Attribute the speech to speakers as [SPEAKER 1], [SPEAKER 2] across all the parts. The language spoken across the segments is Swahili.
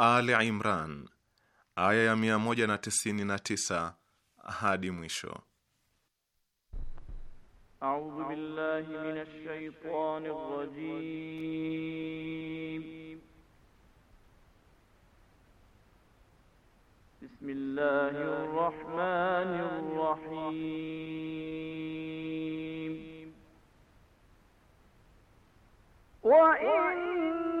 [SPEAKER 1] Ali Imran aya ya 199 hadi mwisho.
[SPEAKER 2] A'udhu billahi minash shaitani rrajim. Bismillahir rahmanir rahim. Wa in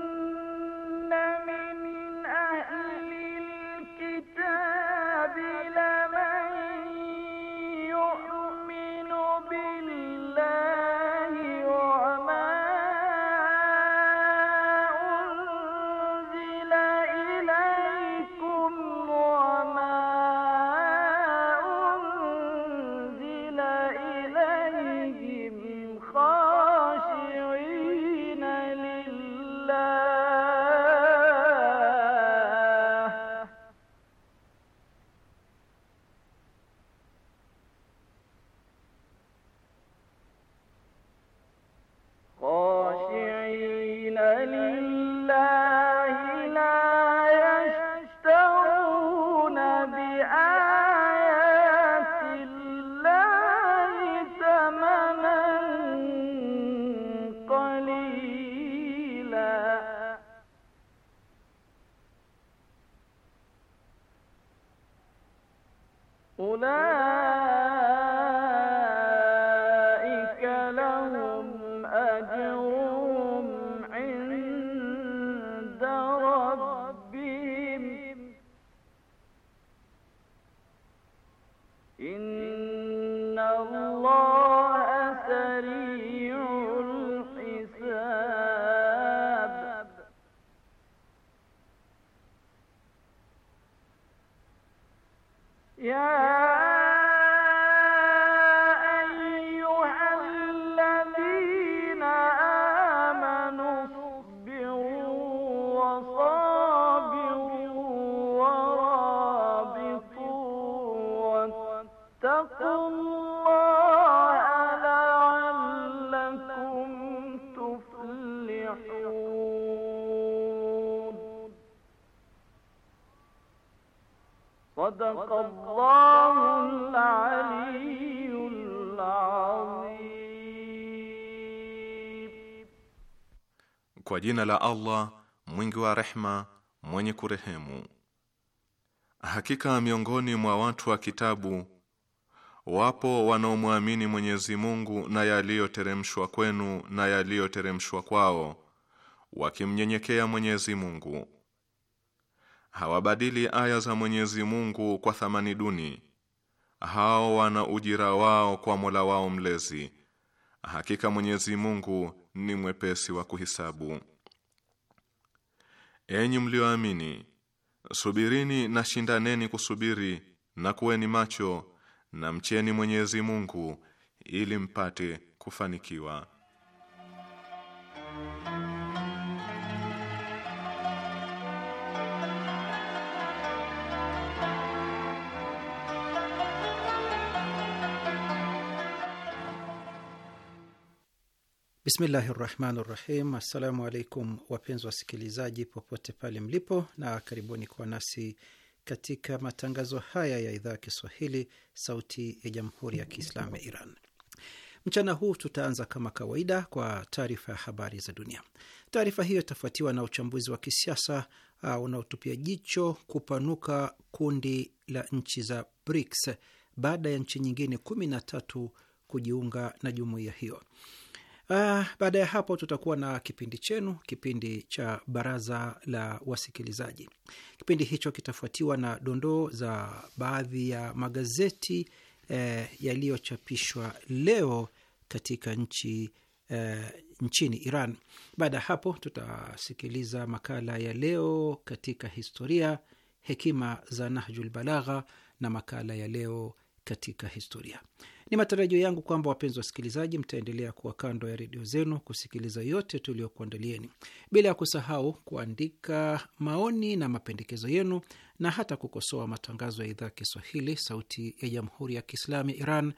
[SPEAKER 1] jina la Allah mwingi wa rehma mwenye kurehemu. Hakika miongoni mwa watu wa kitabu wapo wanaomwamini Mwenyezi Mungu na yaliyoteremshwa kwenu na yaliyoteremshwa kwao, wakimnyenyekea Mwenyezi Mungu. Hawabadili aya za Mwenyezi Mungu kwa thamani duni. Hao wana ujira wao kwa Mola wao mlezi. Hakika Mwenyezi Mungu ni mwepesi wa kuhisabu. Enyi mlioamini, subirini na shindaneni kusubiri na kuweni macho na mcheni Mwenyezi Mungu ili mpate kufanikiwa.
[SPEAKER 3] Bismillahi rahmani rahim. Assalamu alaikum wapenzi wasikilizaji popote pale mlipo, na karibuni kwa nasi katika matangazo haya ya idhaa ya Kiswahili sauti ya jamhuri ya Kiislamu ya Iran. Mchana huu tutaanza kama kawaida kwa taarifa ya habari za dunia. Taarifa hiyo itafuatiwa na uchambuzi wa kisiasa uh, unaotupia jicho kupanuka kundi la nchi za BRICS baada ya nchi nyingine kumi na tatu kujiunga na jumuiya hiyo. Uh, baada ya hapo tutakuwa na kipindi chenu, kipindi cha baraza la wasikilizaji. Kipindi hicho kitafuatiwa na dondoo za baadhi ya magazeti eh, yaliyochapishwa leo katika nchi eh, nchini Iran. Baada ya hapo tutasikiliza makala ya leo katika historia, hekima za Nahjul Balagha na makala ya leo katika historia. Ni matarajio yangu kwamba wapenzi wasikilizaji, mtaendelea kuwa kando ya redio zenu kusikiliza yote tuliyokuandalieni, bila ya kusahau kuandika maoni na mapendekezo yenu na hata kukosoa matangazo ya idhaa Kiswahili sauti ya jamhuri ya Kiislamu ya Iran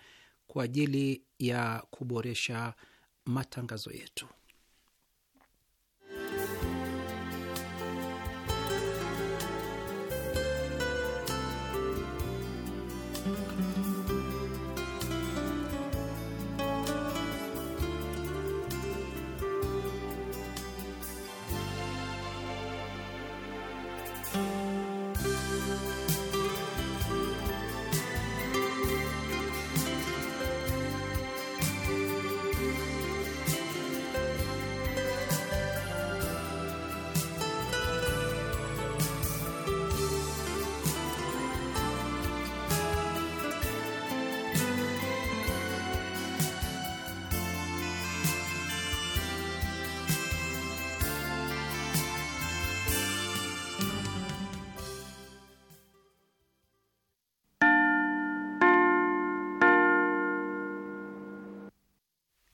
[SPEAKER 3] kwa ajili ya kuboresha matangazo yetu.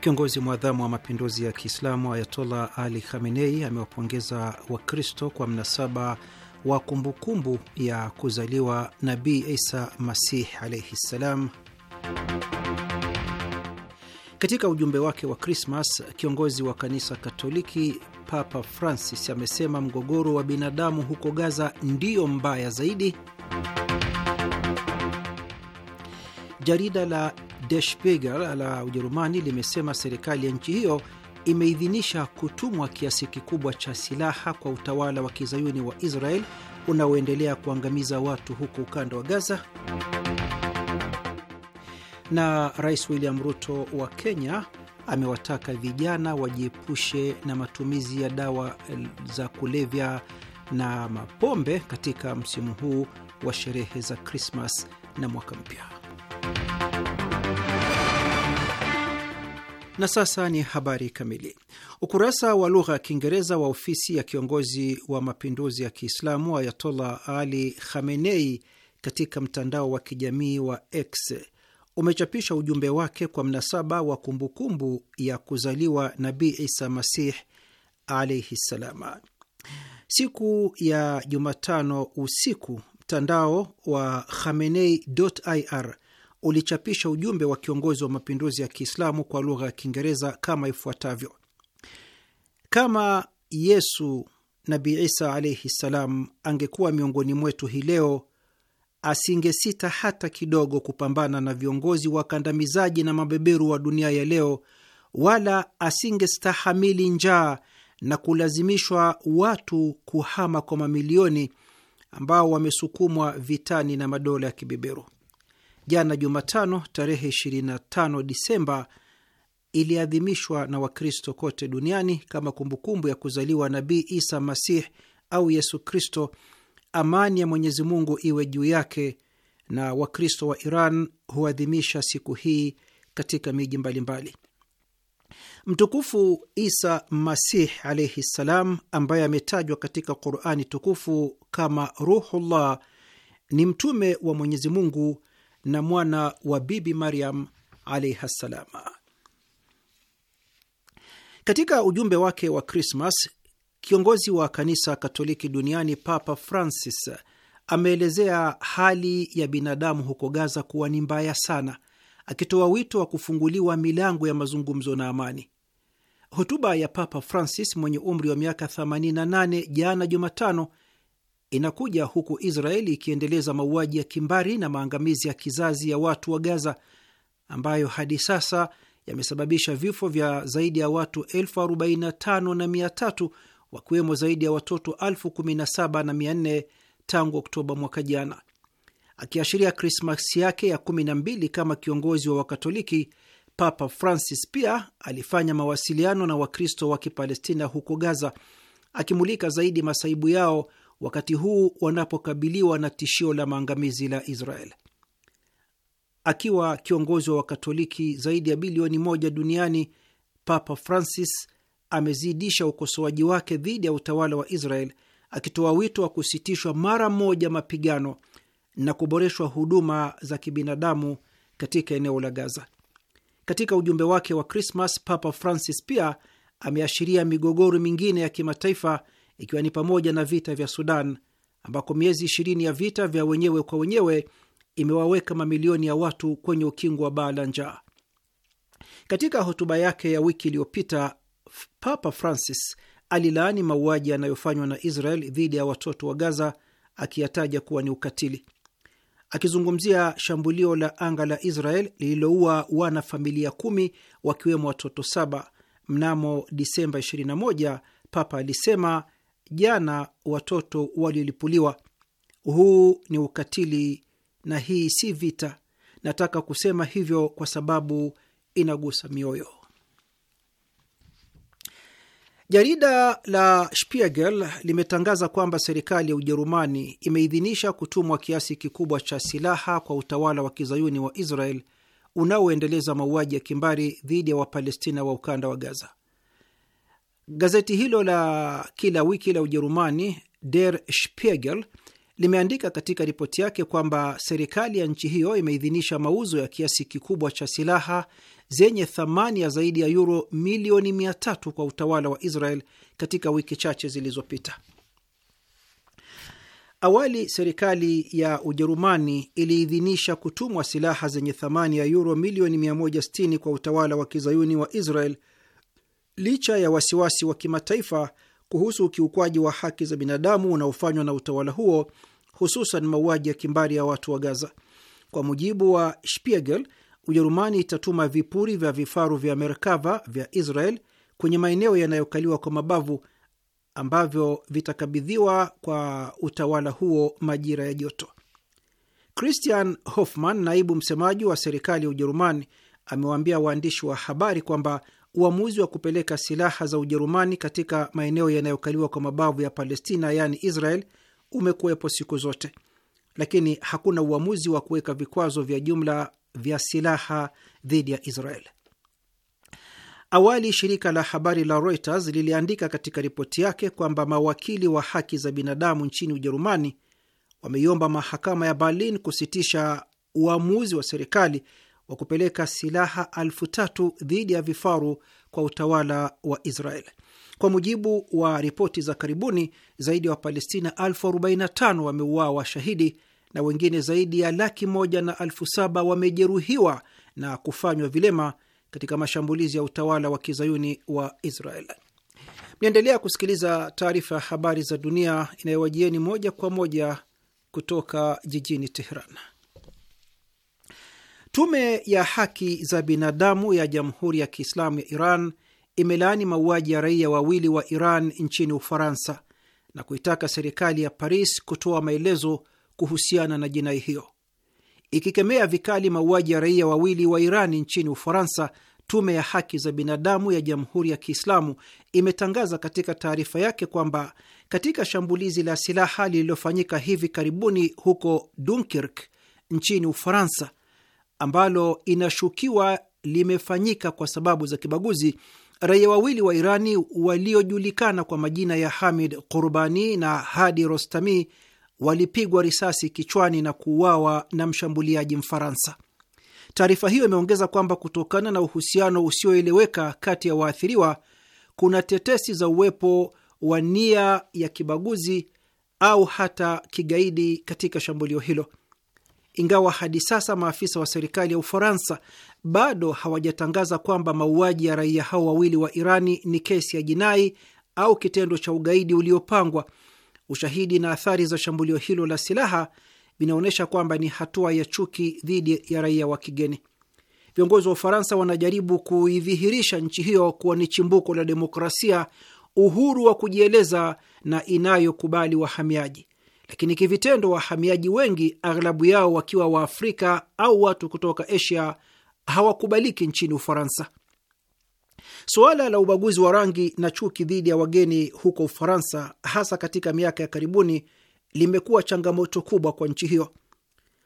[SPEAKER 3] Kiongozi mwadhamu wa mapinduzi ya Kiislamu Ayatollah Ali Khamenei amewapongeza Wakristo kwa mnasaba wa kumbukumbu ya kuzaliwa Nabii Isa Masih alaihi ssalam. Katika ujumbe wake wa Krismas, kiongozi wa kanisa Katoliki Papa Francis amesema mgogoro wa binadamu huko Gaza ndiyo mbaya zaidi. Jarida la Der Spiegel la Ujerumani limesema serikali ya nchi hiyo imeidhinisha kutumwa kiasi kikubwa cha silaha kwa utawala wa kizayuni wa Israel unaoendelea kuangamiza watu huko ukanda wa Gaza. Na Rais William Ruto wa Kenya amewataka vijana wajiepushe na matumizi ya dawa za kulevya na mapombe katika msimu huu wa sherehe za Krismas na mwaka mpya. Na sasa ni habari kamili. Ukurasa wa lugha ya Kiingereza wa ofisi ya kiongozi wa mapinduzi ya Kiislamu Ayatollah Ali Khamenei katika mtandao wa kijamii wa X umechapisha ujumbe wake kwa mnasaba wa kumbukumbu ya kuzaliwa Nabii Isa Masih alaihi ssalama. Siku ya Jumatano usiku, mtandao wa Khamenei.ir ulichapisha ujumbe wa kiongozi wa mapinduzi ya Kiislamu kwa lugha ya Kiingereza kama ifuatavyo: kama Yesu nabi Isa alaihi ssalam angekuwa miongoni mwetu hii leo, asingesita hata kidogo kupambana na viongozi wakandamizaji na mabeberu wa dunia ya leo, wala asingestahamili njaa na kulazimishwa watu kuhama kwa mamilioni ambao wamesukumwa vitani na madola ya kibeberu. Jana Jumatano tarehe 25 Disemba iliadhimishwa na Wakristo kote duniani kama kumbukumbu ya kuzaliwa Nabii Isa Masih au Yesu Kristo, amani ya Mwenyezi Mungu iwe juu yake, na Wakristo wa Iran huadhimisha siku hii katika miji mbalimbali. Mtukufu Isa Masih alaihi ssalam, ambaye ametajwa katika Qurani tukufu kama Ruhullah, ni mtume wa Mwenyezi Mungu na mwana wa Bibi Maryam alaihi ssalam. Katika ujumbe wake wa Krismas, kiongozi wa kanisa Katoliki duniani Papa Francis ameelezea hali ya binadamu huko Gaza kuwa ni mbaya sana, akitoa wito wa kufunguliwa milango ya mazungumzo na amani. Hotuba ya Papa Francis mwenye umri wa miaka 88 jana Jumatano inakuja huku Israeli ikiendeleza mauaji ya kimbari na maangamizi ya kizazi ya watu wa Gaza ambayo hadi sasa yamesababisha vifo vya zaidi ya watu elfu arobaini na tano na mia tatu wakiwemo zaidi ya watoto elfu kumi na saba na mia nne tangu Oktoba mwaka jana. Akiashiria Krismasi yake ya kumi na mbili kama kiongozi wa Wakatoliki, Papa Francis pia alifanya mawasiliano na Wakristo wa Kipalestina huko Gaza, akimulika zaidi masaibu yao wakati huu wanapokabiliwa na tishio la maangamizi la Israel. Akiwa kiongozi wa Wakatoliki zaidi ya bilioni moja duniani, Papa Francis amezidisha ukosoaji wake dhidi ya utawala wa Israel, akitoa wito wa kusitishwa mara moja mapigano na kuboreshwa huduma za kibinadamu katika eneo la Gaza. Katika ujumbe wake wa Krismas, Papa Francis pia ameashiria migogoro mingine ya kimataifa ikiwa ni pamoja na vita vya Sudan ambako miezi ishirini ya vita vya wenyewe kwa wenyewe imewaweka mamilioni ya watu kwenye ukingo wa baa la njaa. Katika hotuba yake ya wiki iliyopita, Papa Francis alilaani mauaji yanayofanywa na Israel dhidi ya watoto wa Gaza akiyataja kuwa ni ukatili. Akizungumzia shambulio la anga la Israel lililoua wana familia kumi wakiwemo watoto saba mnamo Disemba 21, Papa alisema jana watoto waliolipuliwa. Huu ni ukatili na hii si vita. Nataka kusema hivyo kwa sababu inagusa mioyo. Jarida la Spiegel limetangaza kwamba serikali ya Ujerumani imeidhinisha kutumwa kiasi kikubwa cha silaha kwa utawala wa kizayuni wa Israel unaoendeleza mauaji ya kimbari dhidi ya Wapalestina wa ukanda wa Gaza. Gazeti hilo la kila wiki la Ujerumani, Der Spiegel, limeandika katika ripoti yake kwamba serikali ya nchi hiyo imeidhinisha mauzo ya kiasi kikubwa cha silaha zenye thamani ya zaidi ya yuro milioni 3 kwa utawala wa Israel katika wiki chache zilizopita. Awali serikali ya Ujerumani iliidhinisha kutumwa silaha zenye thamani ya yuro milioni 160 kwa utawala wa kizayuni wa Israel licha ya wasiwasi wa kimataifa kuhusu ukiukwaji wa haki za binadamu unaofanywa na utawala huo, hususan mauaji ya kimbari ya watu wa Gaza. Kwa mujibu wa Spiegel, Ujerumani itatuma vipuri vya vifaru vya Merkava vya Israel kwenye maeneo yanayokaliwa kwa mabavu ambavyo vitakabidhiwa kwa utawala huo majira ya joto. Christian hofman naibu msemaji wa serikali ya Ujerumani, amewaambia waandishi wa habari kwamba uamuzi wa kupeleka silaha za Ujerumani katika maeneo yanayokaliwa kwa mabavu ya Palestina, yaani Israel, umekuwepo siku zote, lakini hakuna uamuzi wa kuweka vikwazo vya jumla vya silaha dhidi ya Israel. Awali shirika la habari la Reuters liliandika katika ripoti yake kwamba mawakili wa haki za binadamu nchini Ujerumani wameiomba mahakama ya Berlin kusitisha uamuzi wa serikali wa kupeleka silaha elfu tatu dhidi ya vifaru kwa utawala wa Israel. Kwa mujibu wa ripoti za karibuni, zaidi ya wa Wapalestina elfu arobaini na tano wameuawa shahidi na wengine zaidi ya laki moja na elfu saba wamejeruhiwa na kufanywa vilema katika mashambulizi ya utawala wa kizayuni wa Israel. Mnaendelea kusikiliza taarifa ya habari za dunia inayowajieni moja kwa moja kutoka jijini Teheran. Tume ya haki za binadamu ya Jamhuri ya Kiislamu ya Iran imelaani mauaji ya raia wawili wa Iran nchini Ufaransa na kuitaka serikali ya Paris kutoa maelezo kuhusiana na jinai hiyo. Ikikemea vikali mauaji ya raia wawili wa Iran nchini Ufaransa, tume ya haki za binadamu ya Jamhuri ya Kiislamu imetangaza katika taarifa yake kwamba katika shambulizi la silaha lililofanyika hivi karibuni huko Dunkirk nchini Ufaransa, ambalo inashukiwa limefanyika kwa sababu za kibaguzi, raia wawili wa Irani waliojulikana kwa majina ya Hamid Qurbani na Hadi Rostami walipigwa risasi kichwani na kuuawa na mshambuliaji Mfaransa. Taarifa hiyo imeongeza kwamba kutokana na uhusiano usioeleweka kati ya waathiriwa, kuna tetesi za uwepo wa nia ya kibaguzi au hata kigaidi katika shambulio hilo ingawa hadi sasa maafisa wa serikali ya Ufaransa bado hawajatangaza kwamba mauaji ya raia hao wawili wa Irani ni kesi ya jinai au kitendo cha ugaidi uliopangwa. Ushahidi na athari za shambulio hilo la silaha vinaonyesha kwamba ni hatua ya chuki dhidi ya raia wa kigeni. Viongozi wa Ufaransa wanajaribu kuidhihirisha nchi hiyo kuwa ni chimbuko la demokrasia, uhuru wa kujieleza na inayokubali wahamiaji, lakini kivitendo, wahamiaji wengi, aghlabu yao wakiwa Waafrika au watu kutoka Asia, hawakubaliki nchini Ufaransa. Suala la ubaguzi wa rangi na chuki dhidi ya wageni huko Ufaransa, hasa katika miaka ya karibuni, limekuwa changamoto kubwa kwa nchi hiyo.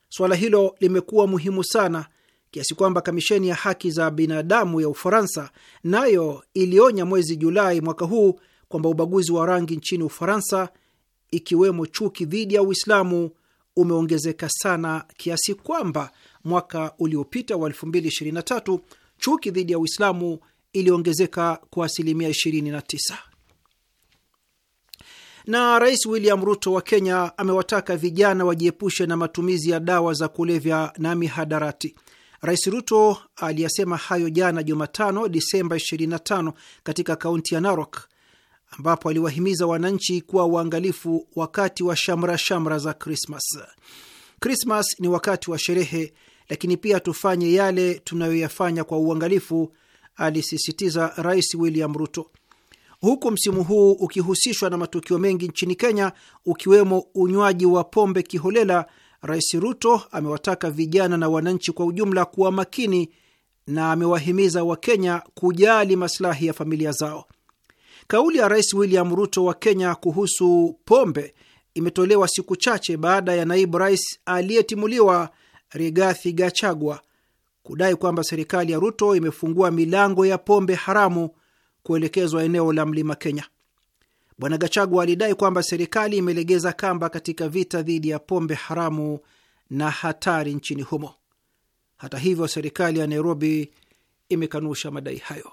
[SPEAKER 3] Suala hilo limekuwa muhimu sana kiasi kwamba kamisheni ya haki za binadamu ya Ufaransa nayo ilionya mwezi Julai mwaka huu kwamba ubaguzi wa rangi nchini Ufaransa ikiwemo chuki dhidi ya Uislamu umeongezeka sana kiasi kwamba mwaka uliopita wa 2023 chuki dhidi ya Uislamu iliongezeka kwa asilimia 29. Na Rais William Ruto wa Kenya amewataka vijana wajiepushe na matumizi ya dawa za kulevya na mihadarati. Rais Ruto aliyasema hayo jana Jumatano, Disemba 25 katika kaunti ya Narok ambapo aliwahimiza wananchi kuwa uangalifu wakati wa shamra shamra za Krismas. Krismas ni wakati wa sherehe, lakini pia tufanye yale tunayoyafanya kwa uangalifu, alisisitiza Rais William Ruto, huku msimu huu ukihusishwa na matukio mengi nchini Kenya, ukiwemo unywaji wa pombe kiholela. Rais Ruto amewataka vijana na wananchi kwa ujumla kuwa makini na amewahimiza Wakenya kujali masilahi ya familia zao. Kauli ya Rais William Ruto wa Kenya kuhusu pombe imetolewa siku chache baada ya naibu rais aliyetimuliwa Rigathi Gachagua kudai kwamba serikali ya Ruto imefungua milango ya pombe haramu kuelekezwa eneo la Mlima Kenya. Bwana Gachagua alidai kwamba serikali imelegeza kamba katika vita dhidi ya pombe haramu na hatari nchini humo. Hata hivyo, serikali ya Nairobi imekanusha madai hayo.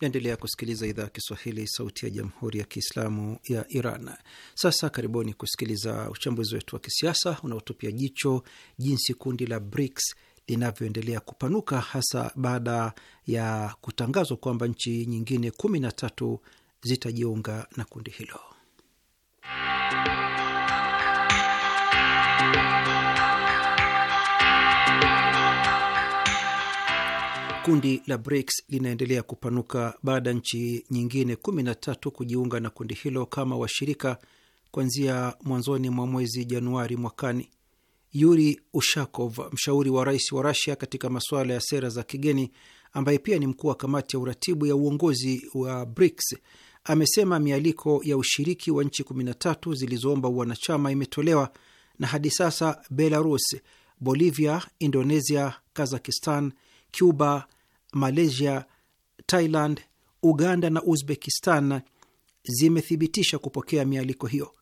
[SPEAKER 3] Naendelea kusikiliza idhaa ya Kiswahili, sauti ya jamhuri ya kiislamu ya Iran. Sasa karibuni kusikiliza uchambuzi wetu wa kisiasa unaotupia jicho jinsi kundi la BRICS linavyoendelea kupanuka hasa baada ya kutangazwa kwamba nchi nyingine kumi na tatu zitajiunga na kundi hilo. Kundi la BRICS linaendelea kupanuka baada ya nchi nyingine 13 kujiunga na kundi hilo kama washirika kuanzia mwanzoni mwa mwezi Januari mwakani. Yuri Ushakov, mshauri wa rais wa Rasia katika masuala ya sera za kigeni, ambaye pia ni mkuu wa kamati ya uratibu ya uongozi wa BRICS, amesema mialiko ya ushiriki wa nchi 13 zilizoomba wanachama imetolewa na hadi sasa Belarus, Bolivia, Indonesia, Kazakistan, Cuba, Malaysia, Thailand, Uganda na Uzbekistan zimethibitisha kupokea mialiko hiyo.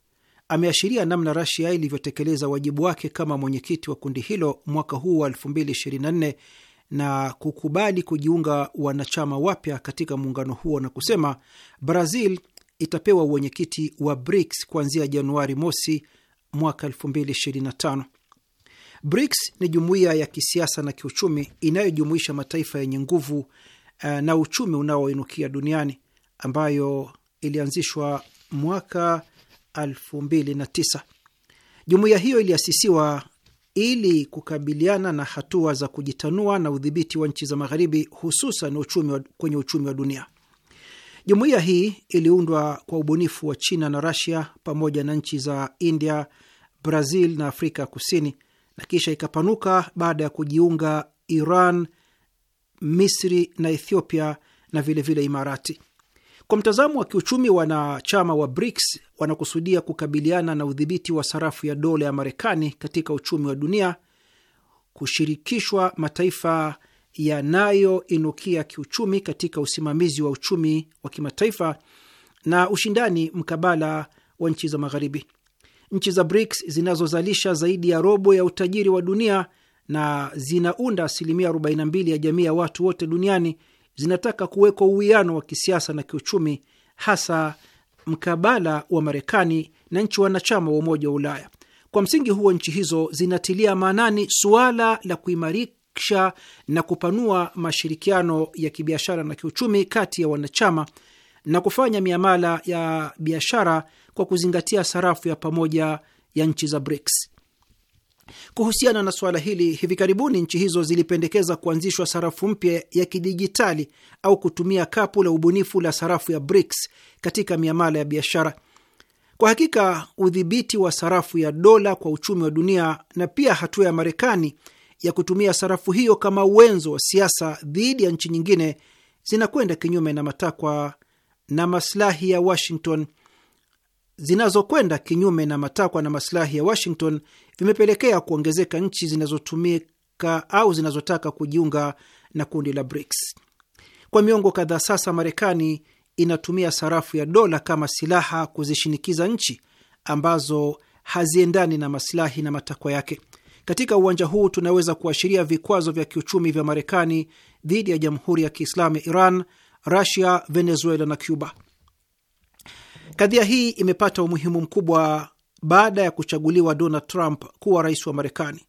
[SPEAKER 3] Ameashiria namna Rasia ilivyotekeleza wajibu wake kama mwenyekiti wa kundi hilo mwaka huu wa 2024 na kukubali kujiunga wanachama wapya katika muungano huo na kusema Brazil itapewa uwenyekiti wa BRICS kuanzia Januari mosi mwaka 2025. BRICS ni jumuiya ya kisiasa na kiuchumi inayojumuisha mataifa yenye nguvu eh, na uchumi unaoinukia duniani ambayo ilianzishwa mwaka 2009. Jumuiya hiyo iliasisiwa ili kukabiliana na hatua za kujitanua na udhibiti wa nchi za magharibi hususan uchumi wa, kwenye uchumi wa dunia. Jumuiya hii iliundwa kwa ubunifu wa China na Russia pamoja na nchi za India, Brazil na Afrika Kusini na kisha ikapanuka baada ya kujiunga Iran, Misri na Ethiopia na vilevile vile Imarati. Kwa mtazamo wa kiuchumi, wanachama wa BRICS wanakusudia kukabiliana na udhibiti wa sarafu ya dola ya Marekani katika uchumi wa dunia, kushirikishwa mataifa yanayoinukia kiuchumi katika usimamizi wa uchumi wa kimataifa na ushindani mkabala wa nchi za Magharibi nchi za BRICS zinazozalisha zaidi ya robo ya utajiri wa dunia na zinaunda asilimia 42 ya jamii ya watu wote duniani zinataka kuwekwa uwiano wa kisiasa na kiuchumi, hasa mkabala wa Marekani na nchi wanachama wa Umoja wa Ulaya. Kwa msingi huo, nchi hizo zinatilia maanani suala la kuimarisha na kupanua mashirikiano ya kibiashara na kiuchumi kati ya wanachama na kufanya miamala ya biashara kwa kuzingatia sarafu ya pamoja ya nchi za BRICS. Kuhusiana na suala hili, hivi karibuni nchi hizo zilipendekeza kuanzishwa sarafu mpya ya kidijitali au kutumia kapu la ubunifu la sarafu ya BRICS katika miamala ya biashara. Kwa hakika, udhibiti wa sarafu ya dola kwa uchumi wa dunia na pia hatua ya Marekani ya kutumia sarafu hiyo kama uwenzo wa siasa dhidi ya nchi nyingine zinakwenda kinyume na matakwa na maslahi ya Washington zinazokwenda kinyume na matakwa na masilahi ya Washington vimepelekea kuongezeka nchi zinazotumika au zinazotaka kujiunga na kundi la BRICS. Kwa miongo kadhaa sasa, Marekani inatumia sarafu ya dola kama silaha kuzishinikiza nchi ambazo haziendani na masilahi na matakwa yake. Katika uwanja huu tunaweza kuashiria vikwazo vya kiuchumi vya Marekani dhidi ya Jamhuri ya Kiislamu ya Iran, Rusia, Venezuela na Cuba. Kadhia hii imepata umuhimu mkubwa baada ya kuchaguliwa Donald Trump kuwa rais wa Marekani.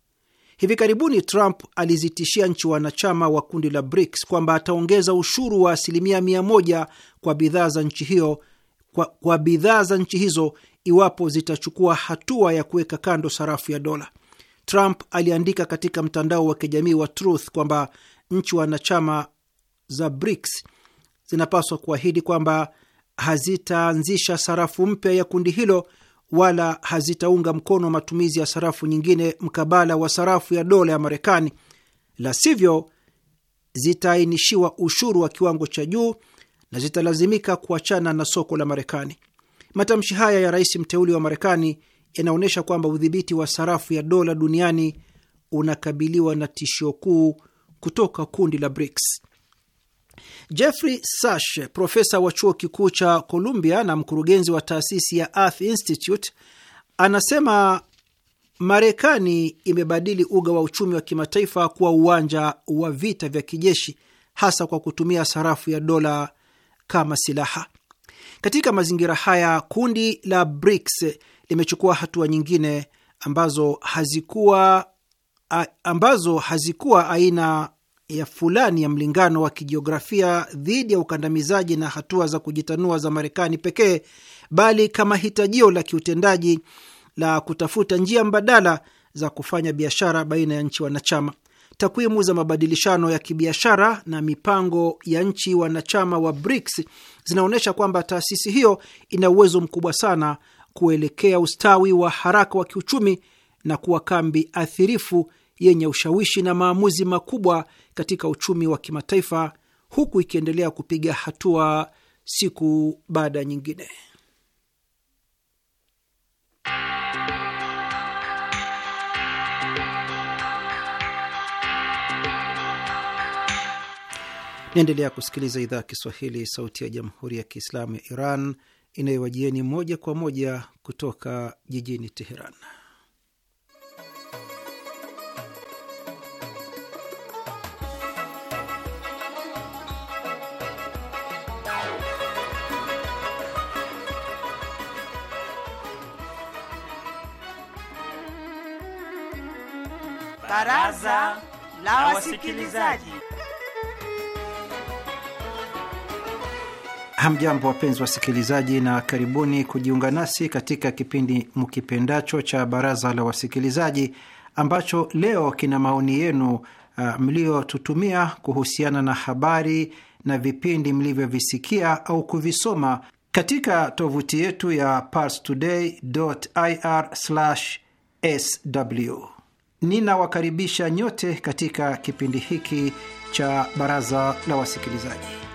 [SPEAKER 3] Hivi karibuni Trump alizitishia nchi wanachama wa kundi la BRICS kwamba ataongeza ushuru wa asilimia mia moja kwa bidhaa za nchi hiyo kwa, kwa bidhaa za nchi hizo iwapo zitachukua hatua ya kuweka kando sarafu ya dola. Trump aliandika katika mtandao wa kijamii wa Truth kwamba nchi wanachama za BRICS zinapaswa kuahidi kwamba hazitaanzisha sarafu mpya ya kundi hilo wala hazitaunga mkono matumizi ya sarafu nyingine mkabala wa sarafu ya dola ya Marekani, la sivyo zitaainishiwa ushuru wa kiwango cha juu na zitalazimika kuachana na soko la Marekani. Matamshi haya ya rais mteuli wa Marekani yanaonyesha kwamba udhibiti wa sarafu ya dola duniani unakabiliwa na tishio kuu kutoka kundi la BRICS. Jeffrey Sash, profesa wa chuo kikuu cha Columbia na mkurugenzi wa taasisi ya Earth Institute, anasema Marekani imebadili uga wa uchumi wa kimataifa kuwa uwanja wa vita vya kijeshi, hasa kwa kutumia sarafu ya dola kama silaha. Katika mazingira haya, kundi la BRICS limechukua hatua nyingine ambazo hazikuwa ambazo hazikuwa aina ya fulani ya mlingano wa kijiografia dhidi ya ukandamizaji na hatua za kujitanua za Marekani pekee, bali kama hitajio la kiutendaji la kutafuta njia mbadala za kufanya biashara baina ya nchi wanachama. Takwimu za mabadilishano ya kibiashara na mipango ya nchi wanachama wa BRICS zinaonyesha kwamba taasisi hiyo ina uwezo mkubwa sana kuelekea ustawi wa haraka wa kiuchumi na kuwa kambi athirifu yenye ushawishi na maamuzi makubwa katika uchumi wa kimataifa huku ikiendelea kupiga hatua siku baada ya nyingine. Naendelea kusikiliza idhaa ya Kiswahili, sauti ya jamhuri ya kiislamu ya Iran inayowajieni moja kwa moja kutoka jijini Teheran. Baraza la Wasikilizaji. Hamjambo, wapenzi wasikilizaji, na karibuni kujiunga nasi katika kipindi mkipendacho cha Baraza la Wasikilizaji ambacho leo kina maoni yenu uh, mliotutumia kuhusiana na habari na vipindi mlivyovisikia au kuvisoma katika tovuti yetu ya parstoday.ir/sw ninawakaribisha nyote katika kipindi hiki cha Baraza la Wasikilizaji.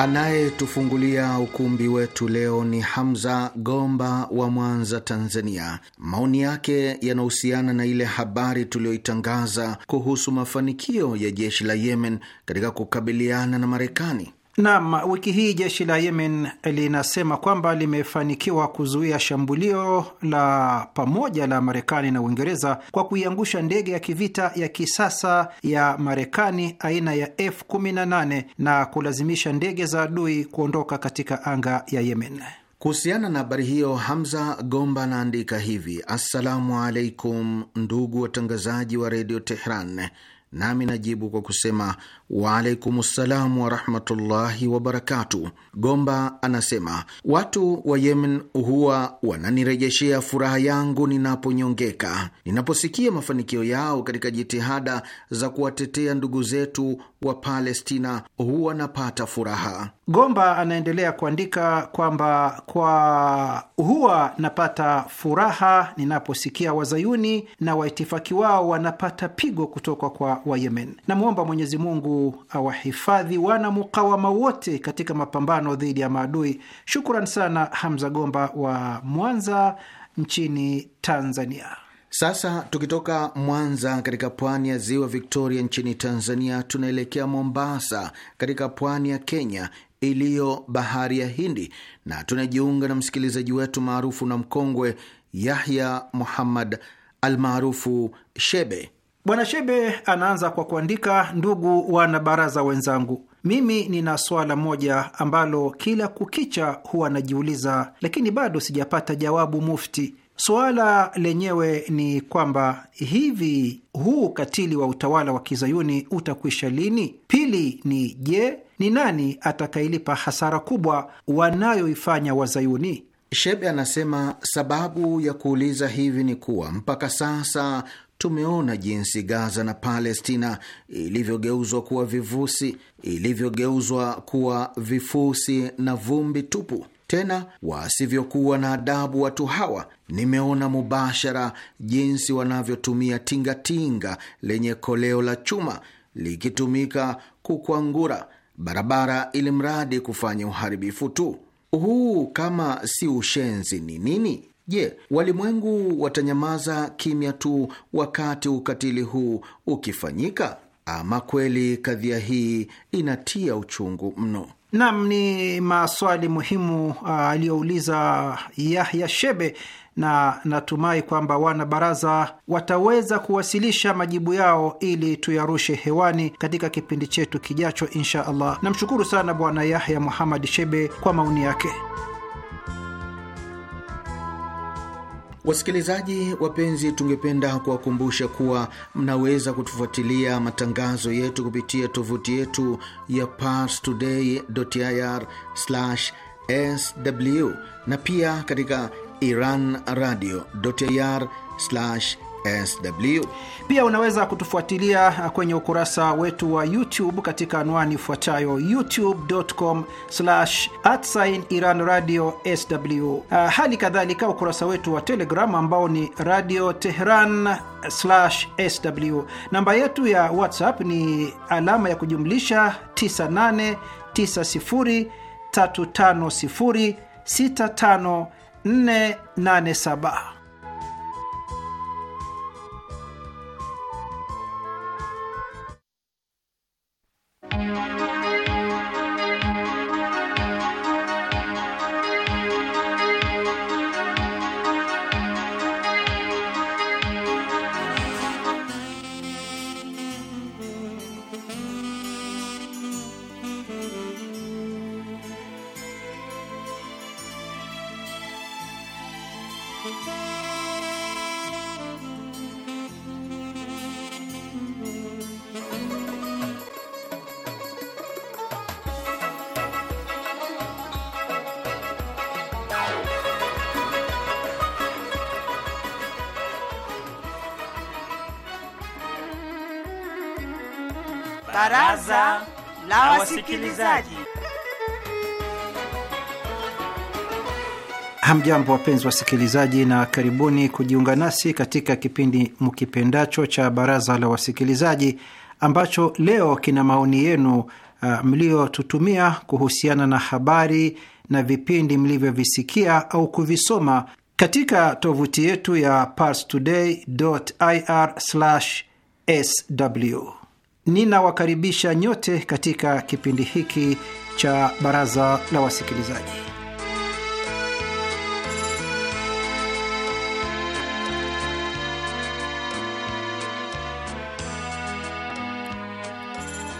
[SPEAKER 4] Anayetufungulia ukumbi wetu leo ni Hamza Gomba wa Mwanza, Tanzania. Maoni yake yanahusiana na ile habari tuliyoitangaza
[SPEAKER 3] kuhusu mafanikio ya jeshi la Yemen katika kukabiliana na Marekani. Naam, wiki hii jeshi la Yemen linasema kwamba limefanikiwa kuzuia shambulio la pamoja la Marekani na Uingereza kwa kuiangusha ndege ya kivita ya kisasa ya Marekani aina ya F-18 na kulazimisha ndege za adui kuondoka katika anga ya Yemen. Kuhusiana na habari hiyo, Hamza
[SPEAKER 4] Gomba anaandika hivi: assalamu alaikum, ndugu watangazaji wa redio Tehran nami najibu kwa kusema waalaikum ssalam warahmatullahi wabarakatu. Gomba anasema watu wa Yemen huwa wananirejeshea furaha yangu ninaponyongeka, ninaposikia mafanikio yao katika jitihada za kuwatetea ndugu zetu wa Palestina, huwa napata furaha.
[SPEAKER 3] Gomba anaendelea kuandika kwamba kwa huwa napata furaha ninaposikia wazayuni na waitifaki wao wanapata pigo kutoka kwa Wayemen. Namwomba Mwenyezi Mungu awahifadhi wana mukawama wote katika mapambano dhidi ya maadui. Shukran sana Hamza Gomba wa Mwanza nchini Tanzania.
[SPEAKER 4] Sasa tukitoka Mwanza katika pwani ya ziwa Victoria nchini Tanzania, tunaelekea Mombasa katika pwani ya Kenya iliyo bahari ya Hindi, na tunajiunga na msikilizaji wetu maarufu na mkongwe
[SPEAKER 3] Yahya Muhammad almaarufu Shebe. Bwana Shebe anaanza kwa kuandika: ndugu wanabaraza wenzangu, mimi nina swala moja ambalo kila kukicha huwa najiuliza, lakini bado sijapata jawabu mufti. Suala lenyewe ni kwamba hivi huu ukatili wa utawala wa kizayuni utakwisha lini? Pili ni je, ni nani atakayelipa hasara kubwa wanayoifanya Wazayuni? Shebe anasema
[SPEAKER 4] sababu ya kuuliza hivi ni kuwa mpaka sasa tumeona jinsi Gaza na Palestina ilivyogeuzwa kuwa vivusi, ilivyogeuzwa kuwa vifusi na vumbi tupu. Tena wasivyokuwa na adabu watu hawa. Nimeona mubashara jinsi wanavyotumia tingatinga lenye koleo la chuma likitumika kukwangura barabara, ili mradi kufanya uharibifu tu. Huu kama si ushenzi ni nini? Je, walimwengu watanyamaza kimya tu wakati ukatili huu ukifanyika? Ama kweli kadhia hii inatia uchungu mno.
[SPEAKER 3] Nam, ni maswali muhimu uh, aliyouliza Yahya Shebe na natumai kwamba wana baraza wataweza kuwasilisha majibu yao ili tuyarushe hewani katika kipindi chetu kijacho, insha Allah. Namshukuru sana Bwana Yahya Muhamad Shebe kwa maoni yake.
[SPEAKER 4] Wasikilizaji wapenzi, tungependa kuwakumbusha kuwa mnaweza kutufuatilia matangazo yetu kupitia tovuti yetu ya parstoday.ir/sw na pia katika Iran
[SPEAKER 3] sw. Pia unaweza kutufuatilia kwenye ukurasa wetu wa YouTube katika anwani ifuatayo youtube.com Iran Radio sw. Uh, ah, hali kadhalika ukurasa wetu wa Telegram ambao ni Radio Tehran sw. Namba yetu ya WhatsApp ni alama ya kujumlisha 9890350654 487. msikilizaji. Hamjambo, wapenzi wasikilizaji, na karibuni kujiunga nasi katika kipindi mkipendacho cha Baraza la Wasikilizaji ambacho leo kina maoni yenu uh, mliotutumia kuhusiana na habari na vipindi mlivyovisikia au kuvisoma katika tovuti yetu ya parstoday.ir/sw ninawakaribisha nyote katika kipindi hiki cha Baraza la Wasikilizaji.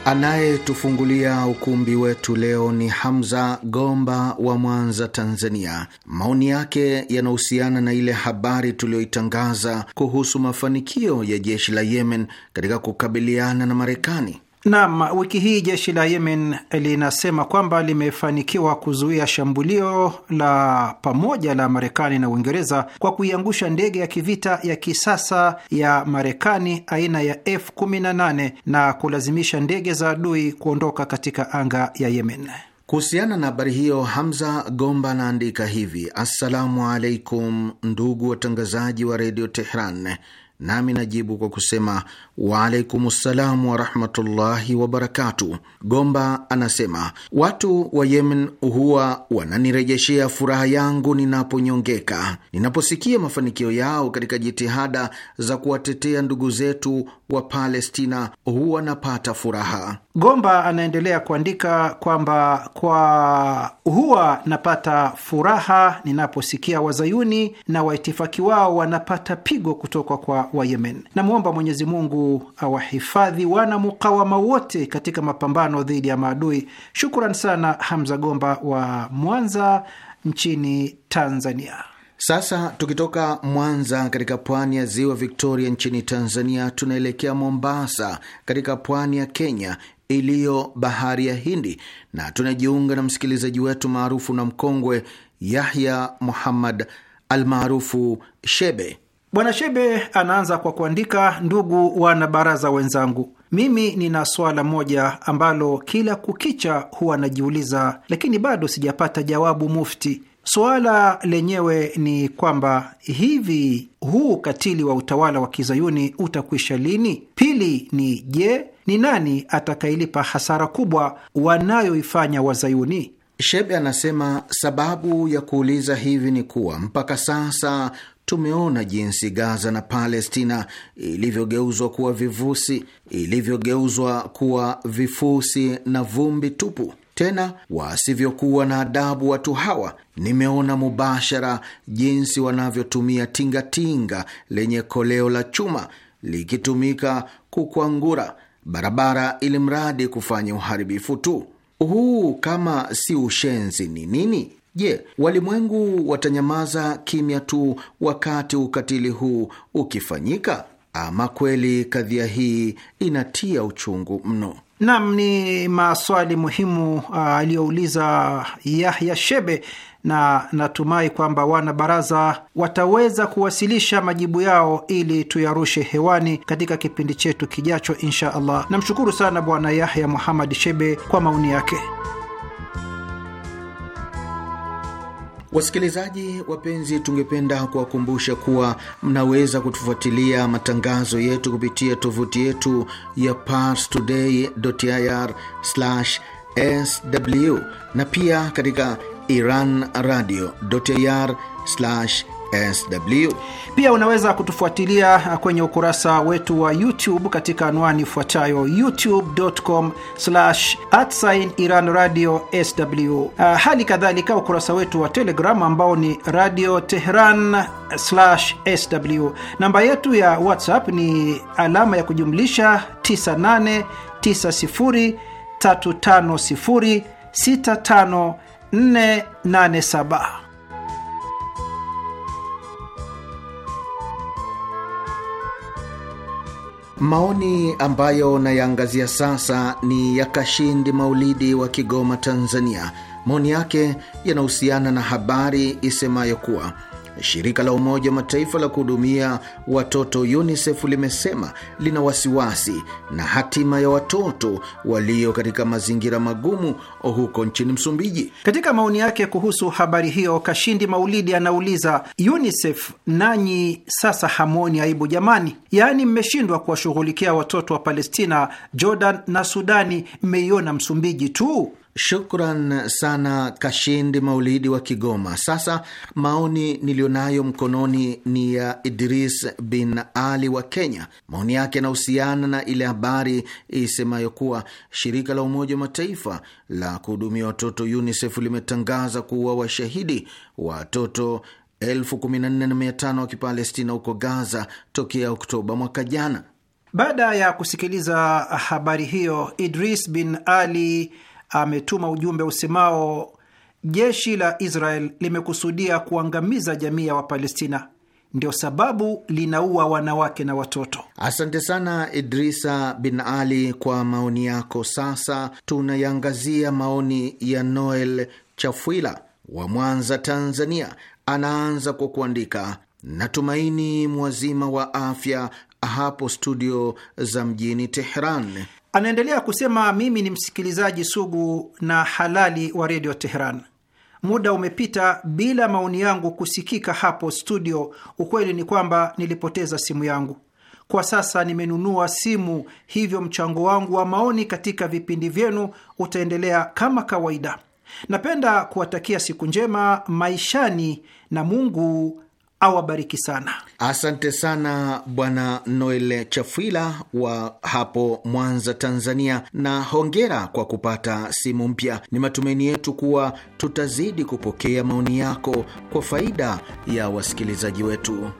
[SPEAKER 4] Anayetufungulia ukumbi wetu leo ni Hamza Gomba wa Mwanza, Tanzania. Maoni yake yanahusiana na ile habari tuliyoitangaza kuhusu mafanikio ya jeshi la Yemen katika
[SPEAKER 3] kukabiliana na Marekani. Naam, wiki hii jeshi la Yemen linasema kwamba limefanikiwa kuzuia shambulio la pamoja la Marekani na Uingereza kwa kuiangusha ndege ya kivita ya kisasa ya Marekani aina ya F18 na kulazimisha ndege za adui kuondoka katika anga ya Yemen.
[SPEAKER 4] Kuhusiana na habari hiyo, Hamza Gomba anaandika hivi: assalamu alaikum, ndugu watangazaji wa redio Tehran nami najibu kwa kusema ssalamu warahmatullahi wabarakatu. Gomba anasema watu wa Yemen huwa wananirejeshea furaha yangu ninaponyongeka, ninaposikia mafanikio yao katika jitihada za kuwatetea ndugu zetu wa Palestina, huwa napata furaha.
[SPEAKER 3] Gomba anaendelea kuandika kwamba kwa huwa napata furaha ninaposikia wazayuni na waitifaki wao wanapata pigo kutoka kwa Wayemen. Namwomba Mwenyezi Mungu awahifadhi wana mukawama wote katika mapambano dhidi ya maadui. Shukran sana Hamza Gomba wa Mwanza nchini Tanzania. Sasa
[SPEAKER 4] tukitoka Mwanza katika pwani ya ziwa Victoria nchini Tanzania, tunaelekea Mombasa katika pwani ya Kenya iliyo bahari ya Hindi, na tunajiunga na msikilizaji wetu maarufu na mkongwe Yahya Muhammad almaarufu
[SPEAKER 3] Shebe. Bwana Shebe anaanza kwa kuandika: ndugu wanabaraza wenzangu, mimi nina swala moja ambalo kila kukicha huwa najiuliza, lakini bado sijapata jawabu Mufti. Suala lenyewe ni kwamba hivi huu ukatili wa utawala wa kizayuni utakwisha lini? Pili ni je, ni nani atakayelipa hasara kubwa wanayoifanya Wazayuni? Shebe anasema sababu ya kuuliza hivi ni kuwa mpaka sasa
[SPEAKER 4] tumeona jinsi Gaza na Palestina ilivyogeuzwa kuwa vivusi, ilivyogeuzwa kuwa vifusi na vumbi tupu. Tena wasivyokuwa na adabu watu hawa. Nimeona mubashara jinsi wanavyotumia tingatinga lenye koleo la chuma likitumika kukwangura barabara, ili mradi kufanya uharibifu tu. Huu kama si ushenzi ni nini? Je, walimwengu watanyamaza kimya tu wakati ukatili huu ukifanyika? Ama kweli kadhia hii inatia uchungu mno.
[SPEAKER 3] Nam, ni maswali muhimu uh, aliyouliza Yahya Shebe na natumai kwamba wana baraza wataweza kuwasilisha majibu yao ili tuyarushe hewani katika kipindi chetu kijacho, insha Allah. Namshukuru sana Bwana Yahya Muhamad Shebe kwa maoni yake.
[SPEAKER 4] Wasikilizaji wapenzi, tungependa kuwakumbusha kuwa mnaweza kutufuatilia matangazo yetu kupitia tovuti yetu ya parstoday.ir/sw na pia katika Iran Radio sw.
[SPEAKER 3] Pia unaweza kutufuatilia kwenye ukurasa wetu wa YouTube katika anwani ifuatayo youtube.com @iranradio_sw Iran Radio sw. Uh, ah, hali kadhalika ukurasa wetu wa Telegram ambao ni Radio Tehran sw. Namba yetu ya WhatsApp ni alama ya kujumlisha 9890350654 Maoni
[SPEAKER 4] ambayo nayaangazia sasa ni ya Kashindi Maulidi wa Kigoma, Tanzania. Maoni yake yanahusiana na habari isemayo kuwa Shirika la Umoja Mataifa la kuhudumia watoto UNICEF limesema lina wasiwasi
[SPEAKER 3] na hatima ya watoto walio katika mazingira magumu huko nchini Msumbiji. Katika maoni yake kuhusu habari hiyo, Kashindi Maulidi anauliza, UNICEF nanyi sasa hamwoni aibu jamani? Yaani mmeshindwa kuwashughulikia watoto wa Palestina, Jordan na Sudani, mmeiona Msumbiji tu? Shukran
[SPEAKER 4] sana Kashindi Maulidi wa Kigoma. Sasa maoni niliyonayo mkononi ni ya Idris bin Ali wa Kenya. Maoni yake yanahusiana na ile habari isemayo kuwa shirika la Umoja wa Mataifa la kuhudumia watoto UNICEF limetangaza kuwa washahidi watoto 14,500
[SPEAKER 3] wa Kipalestina huko Gaza tokea Oktoba mwaka jana. Baada ya kusikiliza habari hiyo, Idris bin Ali ametuma ujumbe usemao jeshi la Israel limekusudia kuangamiza jamii ya Wapalestina, ndio sababu linaua wanawake na watoto. Asante sana Idrisa
[SPEAKER 4] bin Ali kwa maoni yako. Sasa tunayangazia maoni ya Noel Chafwila wa Mwanza, Tanzania. Anaanza kwa kuandika, natumaini mwazima wa afya hapo studio za mjini
[SPEAKER 3] Teheran. Anaendelea kusema, mimi ni msikilizaji sugu na halali wa redio Teheran. Muda umepita bila maoni yangu kusikika hapo studio. Ukweli ni kwamba nilipoteza simu yangu. Kwa sasa nimenunua simu, hivyo mchango wangu wa maoni katika vipindi vyenu utaendelea kama kawaida. Napenda kuwatakia siku njema maishani na Mungu awabariki sana.
[SPEAKER 4] Asante sana Bwana Noel Chafwila wa hapo Mwanza, Tanzania, na hongera kwa kupata simu mpya. Ni matumaini yetu kuwa tutazidi kupokea maoni yako kwa faida ya wasikilizaji
[SPEAKER 3] wetu.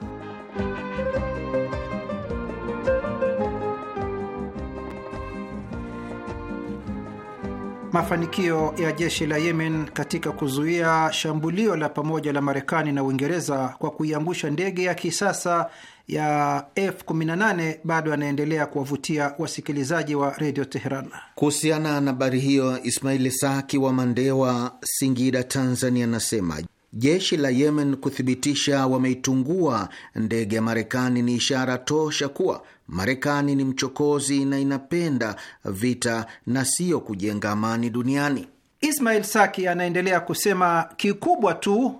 [SPEAKER 3] Mafanikio ya jeshi la Yemen katika kuzuia shambulio la pamoja la Marekani na Uingereza kwa kuiangusha ndege ya kisasa ya F18 bado yanaendelea kuwavutia wasikilizaji wa redio Teheran.
[SPEAKER 4] Kuhusiana na habari hiyo, Ismaili Saki wa Mandewa, Singida, Tanzania, anasema jeshi la Yemen kuthibitisha wameitungua ndege ya Marekani ni ishara tosha kuwa Marekani ni mchokozi na
[SPEAKER 3] inapenda vita na siyo kujenga amani duniani. Ismail Saki anaendelea kusema, kikubwa tu uh,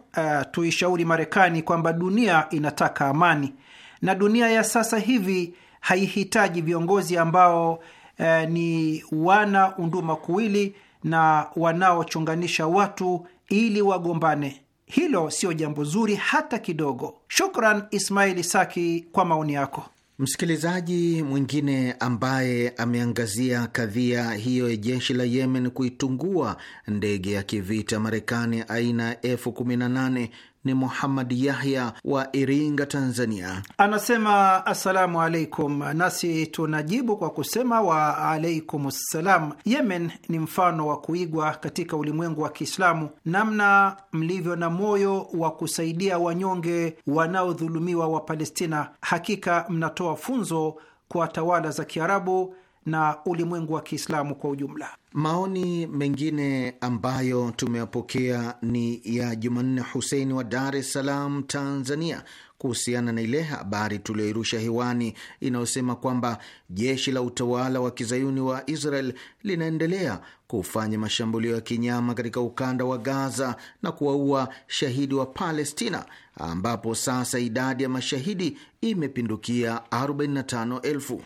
[SPEAKER 3] tuishauri Marekani kwamba dunia inataka amani na dunia ya sasa hivi haihitaji viongozi ambao uh, ni wana unduma kuwili na wanaochunganisha watu ili wagombane. Hilo sio jambo zuri hata kidogo. Shukran Ismaili Saki kwa maoni yako.
[SPEAKER 4] Msikilizaji mwingine ambaye ameangazia kadhia hiyo ya jeshi la Yemen kuitungua ndege ya kivita Marekani aina ya F-18 ni Muhammad Yahya wa Iringa, Tanzania,
[SPEAKER 3] anasema assalamu alaikum. Nasi tunajibu kwa kusema wa alaikum ssalam. Yemen ni mfano wa kuigwa katika ulimwengu wa Kiislamu, namna mlivyo na moyo wa kusaidia wanyonge wanaodhulumiwa wa Palestina. Hakika mnatoa funzo kwa tawala za Kiarabu na ulimwengu wa Kiislamu kwa ujumla.
[SPEAKER 4] Maoni mengine ambayo tumeyapokea ni ya Jumanne Huseini wa Dar es Salaam, Tanzania, kuhusiana na ile habari tuliyoirusha hewani inayosema kwamba jeshi la utawala wa kizayuni wa Israel linaendelea kufanya mashambulio ya kinyama katika ukanda wa Gaza na kuwaua shahidi wa Palestina, ambapo sasa idadi
[SPEAKER 3] ya mashahidi imepindukia 45,000.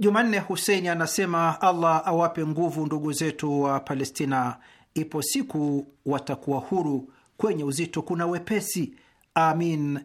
[SPEAKER 3] Jumanne Huseini anasema Allah awape nguvu ndugu zetu wa Palestina, ipo siku watakuwa huru, kwenye uzito kuna wepesi. Amin.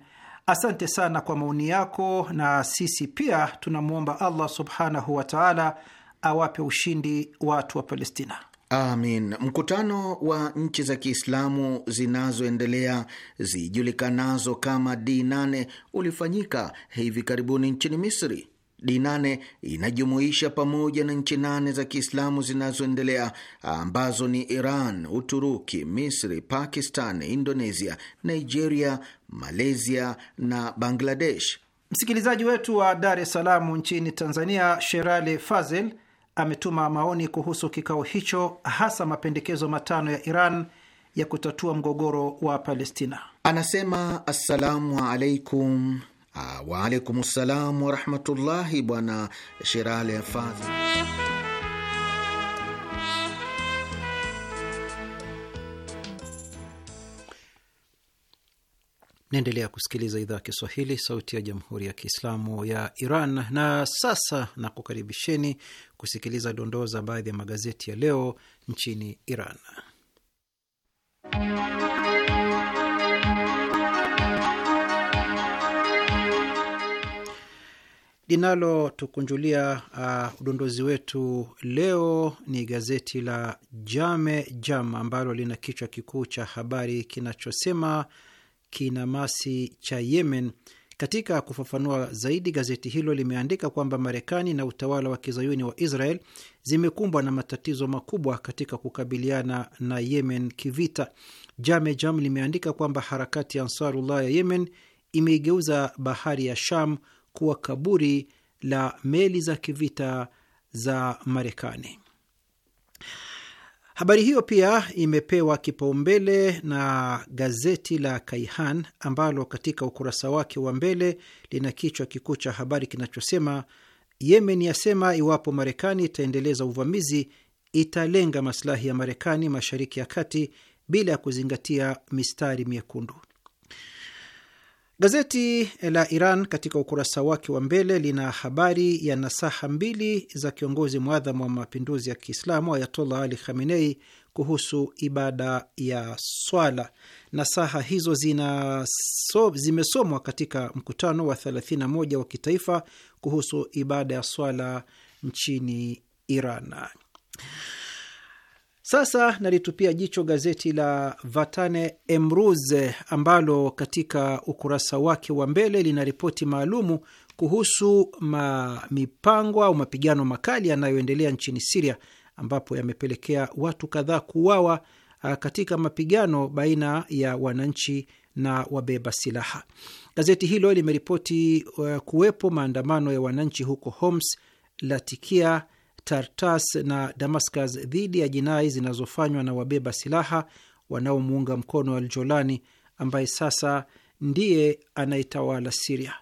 [SPEAKER 3] Asante sana kwa maoni yako, na sisi pia tunamwomba Allah subhanahu wa taala awape ushindi watu wa Palestina. Amin. Mkutano wa nchi
[SPEAKER 4] za Kiislamu zinazoendelea zijulikanazo kama D8 ulifanyika hivi karibuni nchini Misri. D8 inajumuisha pamoja na nchi nane za Kiislamu zinazoendelea ambazo ni Iran, Uturuki, Misri, Pakistan, Indonesia, Nigeria, Malaysia na
[SPEAKER 3] Bangladesh. Msikilizaji wetu wa Dar es Salaam nchini Tanzania, Sherali Fazel ametuma maoni kuhusu kikao hicho, hasa mapendekezo matano ya Iran ya kutatua mgogoro wa Palestina.
[SPEAKER 4] Anasema, assalamu alaikum Ah, Waalaikum salam warahmatullahi, Bwana Sherale Fadhi.
[SPEAKER 3] Naendelea kusikiliza idhaa ya Kiswahili, sauti ya jamhuri ya kiislamu ya Iran. Na sasa nakukaribisheni kusikiliza dondoo za baadhi ya magazeti ya leo nchini Iran. Inalotukunjulia uh, udondozi wetu leo ni gazeti la Jame Jam ambalo lina kichwa kikuu cha habari kinachosema kinamasi cha Yemen. Katika kufafanua zaidi, gazeti hilo limeandika kwamba Marekani na utawala wa kizayuni wa Israel zimekumbwa na matatizo makubwa katika kukabiliana na Yemen kivita. Jame Jam limeandika kwamba harakati ya Ansarullah ya Yemen imeigeuza bahari ya Sham kuwa kaburi la meli za kivita za Marekani. Habari hiyo pia imepewa kipaumbele na gazeti la Kaihan ambalo katika ukurasa wake wa mbele lina kichwa kikuu cha habari kinachosema Yemen yasema iwapo Marekani itaendeleza uvamizi italenga masilahi ya Marekani mashariki ya kati bila ya kuzingatia mistari miekundu. Gazeti la Iran katika ukurasa wake wa mbele lina habari ya nasaha mbili za kiongozi mwadhamu wa mapinduzi ya Kiislamu Ayatollah Ali Khamenei kuhusu ibada ya swala. Nasaha hizo zina so, zimesomwa katika mkutano wa 31 wa kitaifa kuhusu ibada ya swala nchini Iran. Sasa nalitupia jicho gazeti la Vatane Emruz ambalo katika ukurasa wake wa mbele lina ripoti maalumu kuhusu ma mipango au mapigano makali yanayoendelea nchini Siria ambapo yamepelekea watu kadhaa kuuawa ah, katika mapigano baina ya wananchi na wabeba silaha. Gazeti hilo limeripoti eh, kuwepo maandamano ya wananchi huko Homs, Latikia, Tartas na Damascus dhidi ya jinai zinazofanywa na wabeba silaha wanaomuunga mkono Aljolani ambaye sasa ndiye anayetawala Siria.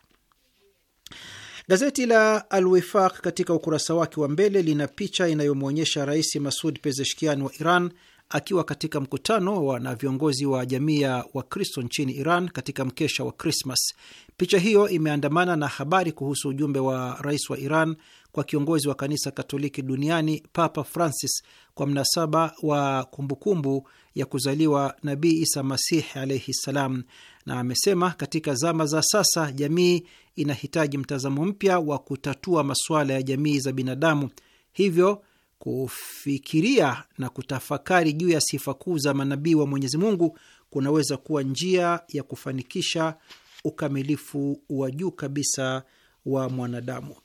[SPEAKER 3] Gazeti la Al Wifaq katika ukurasa wake wa mbele lina picha inayomwonyesha Rais Masud Pezeshkian wa Iran akiwa katika mkutano na viongozi wa jamii ya Wakristo nchini Iran katika mkesha wa Krismas. Picha hiyo imeandamana na habari kuhusu ujumbe wa rais wa Iran kwa kiongozi wa kanisa Katoliki duniani Papa Francis kwa mnasaba wa kumbukumbu kumbu ya kuzaliwa Nabii Isa Masihi alaihi ssalam, na amesema katika zama za sasa jamii inahitaji mtazamo mpya wa kutatua masuala ya jamii za binadamu, hivyo kufikiria na kutafakari juu ya sifa kuu za manabii wa Mwenyezi Mungu kunaweza kuwa njia ya kufanikisha ukamilifu wa juu kabisa wa mwanadamu.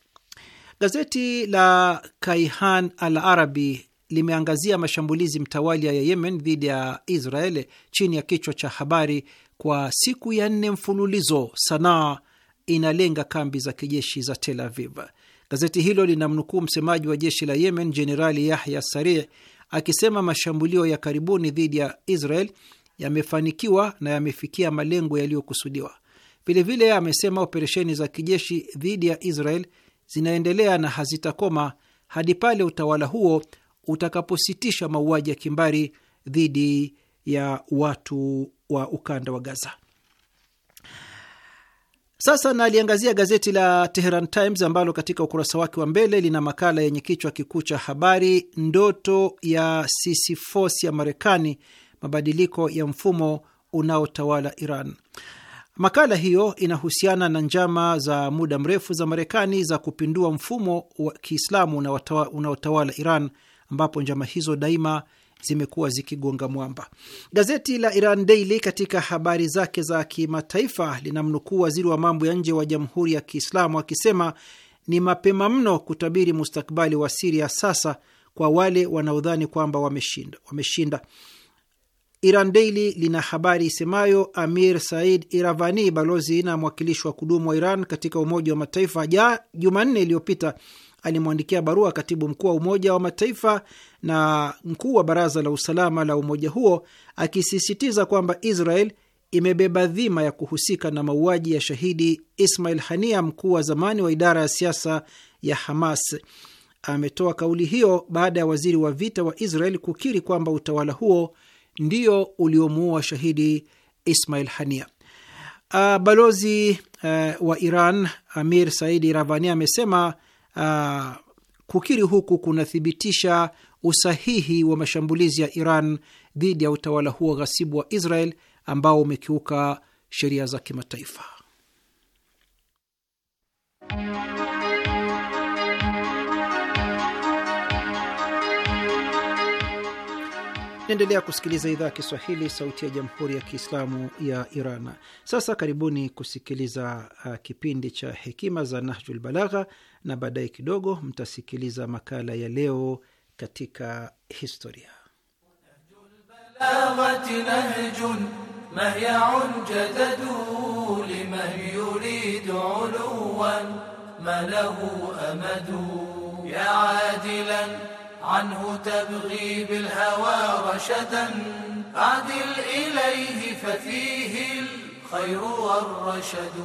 [SPEAKER 3] Gazeti la Kaihan Al Arabi limeangazia mashambulizi mtawalia ya Yemen dhidi ya Israel chini ya kichwa cha habari, kwa siku ya nne mfululizo Sanaa inalenga kambi za kijeshi za Tel Aviv. Gazeti hilo linamnukuu msemaji wa jeshi la Yemen Jenerali Yahya Sari akisema mashambulio ya karibuni dhidi ya Israel yamefanikiwa na yamefikia malengo yaliyokusudiwa. Vilevile amesema operesheni za kijeshi dhidi ya Israel zinaendelea na hazitakoma hadi pale utawala huo utakapositisha mauaji ya kimbari dhidi ya watu wa ukanda wa Gaza. Sasa naliangazia gazeti la Teheran Times ambalo katika ukurasa wake wa mbele lina makala yenye kichwa kikuu cha habari, ndoto ya Sisifos ya Marekani, mabadiliko ya mfumo unaotawala Iran. Makala hiyo inahusiana na njama za muda mrefu za Marekani za kupindua mfumo wa Kiislamu unaotawala Iran, ambapo njama hizo daima zimekuwa zikigonga mwamba. Gazeti la Iran Daily katika habari zake za kimataifa linamnukuu waziri wa mambo ya nje wa Jamhuri ya Kiislamu akisema ni mapema mno kutabiri mustakbali wa Siria sasa kwa wale wanaodhani kwamba wameshinda wameshinda. Iran Daily lina habari isemayo Amir Said Iravani, balozi na mwakilishi wa kudumu wa Iran katika Umoja wa Mataifa, ja Jumanne iliyopita alimwandikia barua katibu mkuu wa Umoja wa Mataifa na mkuu wa Baraza la Usalama la umoja huo akisisitiza kwamba Israel imebeba dhima ya kuhusika na mauaji ya shahidi Ismail Hania, mkuu wa zamani wa idara ya siasa ya Hamas. Ametoa kauli hiyo baada ya waziri wa vita wa Israel kukiri kwamba utawala huo ndio uliomuua shahidi Ismail Hania. Uh, balozi uh, wa Iran Amir Saidi Ravani amesema uh, kukiri huku kunathibitisha usahihi wa mashambulizi ya Iran dhidi ya utawala huo ghasibu wa Israel ambao umekiuka sheria za kimataifa. Naendelea kusikiliza idhaa ya Kiswahili, sauti ya jamhuri ya kiislamu ya Iran. Sasa karibuni kusikiliza uh, kipindi cha hekima za Nahjul Balagha, na baadaye kidogo mtasikiliza makala ya leo katika historia.
[SPEAKER 2] عنه تبغي بالهوى رشدا عدل إليه ففيه الخير والرشد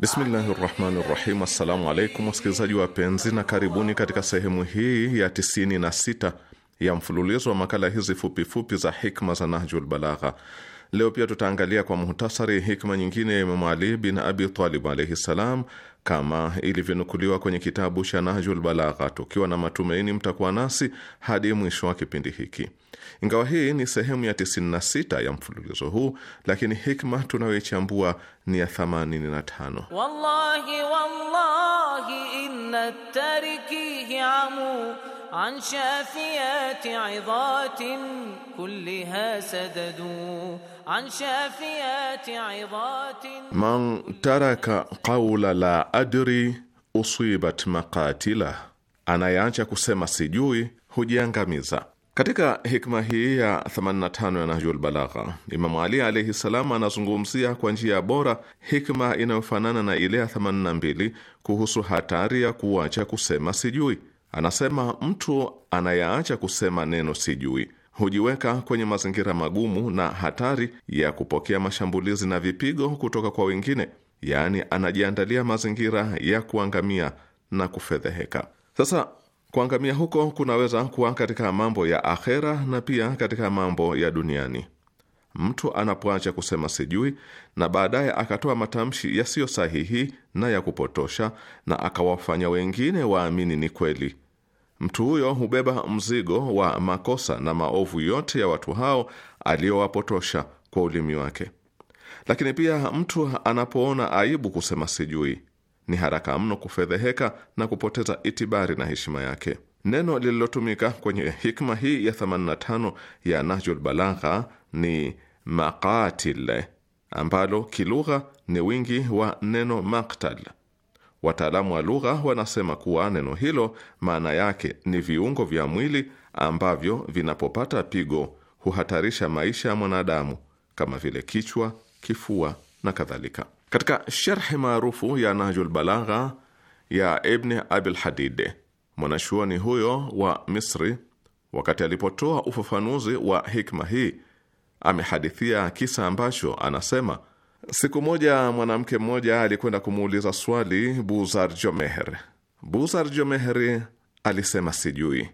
[SPEAKER 1] Bismillahi rahmani rahim. Assalamu alaikum wasikilizaji wapenzi, na karibuni katika sehemu hii ya 96 ya mfululizo wa makala hizi fupifupi za hikma za Nahjul Balagha. Leo pia tutaangalia kwa muhtasari hikma nyingine ya Imamu Ali bin Abi Talib alaihi ssalam, kama ilivyonukuliwa kwenye kitabu cha Nahjul Balagha, tukiwa na matumaini mtakuwa nasi hadi mwisho wa kipindi hiki. Ingawa hii ni sehemu ya 96 ya mfululizo huu, lakini hikma tunayoichambua ni ya 85.
[SPEAKER 2] Wallahi wallahi inna tarikihi amu عن شافيات عظات كلها سددوا عن شافيات عظات
[SPEAKER 1] من ترك قول لا أدري usibat makatila, anayeacha kusema sijui hujiangamiza. Katika hikma hii ya 85 ya Nahjul Balagha, Imamu Ali alaihi salam anazungumzia kwa njia bora hikma inayofanana na ile ya 82 kuhusu hatari ya kuacha kusema sijui. Anasema mtu anayeacha kusema neno sijui hujiweka kwenye mazingira magumu na hatari ya kupokea mashambulizi na vipigo kutoka kwa wengine, yaani anajiandalia mazingira ya kuangamia na kufedheheka. Sasa kuangamia huko kunaweza kuwa katika mambo ya akhera na pia katika mambo ya duniani mtu anapoacha kusema sijui na baadaye akatoa matamshi yasiyo sahihi na ya kupotosha na akawafanya wengine waamini ni kweli, mtu huyo hubeba mzigo wa makosa na maovu yote ya watu hao aliyowapotosha kwa ulimi wake. Lakini pia mtu anapoona aibu kusema sijui, ni haraka mno kufedheheka na kupoteza itibari na heshima yake. Neno lililotumika kwenye hikma hii ya 85 ya Nahjul Balagha ni maqatil ambalo kilugha ni wingi wa neno maktal. Wataalamu wa lugha wanasema kuwa neno hilo maana yake ni viungo vya mwili ambavyo vinapopata pigo huhatarisha maisha ya mwanadamu kama vile kichwa, kifua na kadhalika. Katika sharhi maarufu ya Nahjul Balagha ya Ibn Abil Hadid, mwanachuoni huyo wa Misri, wakati alipotoa ufafanuzi wa hikma hii amehadithia kisa ambacho anasema siku moja mwanamke mmoja alikwenda kumuuliza swali Buzar Jomeher. Buzar Jomeher alisema sijui.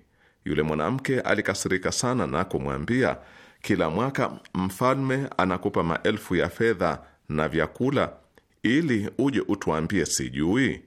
[SPEAKER 1] Yule mwanamke alikasirika sana na kumwambia, kila mwaka mfalme anakupa maelfu ya fedha na vyakula ili uje utuambie sijui.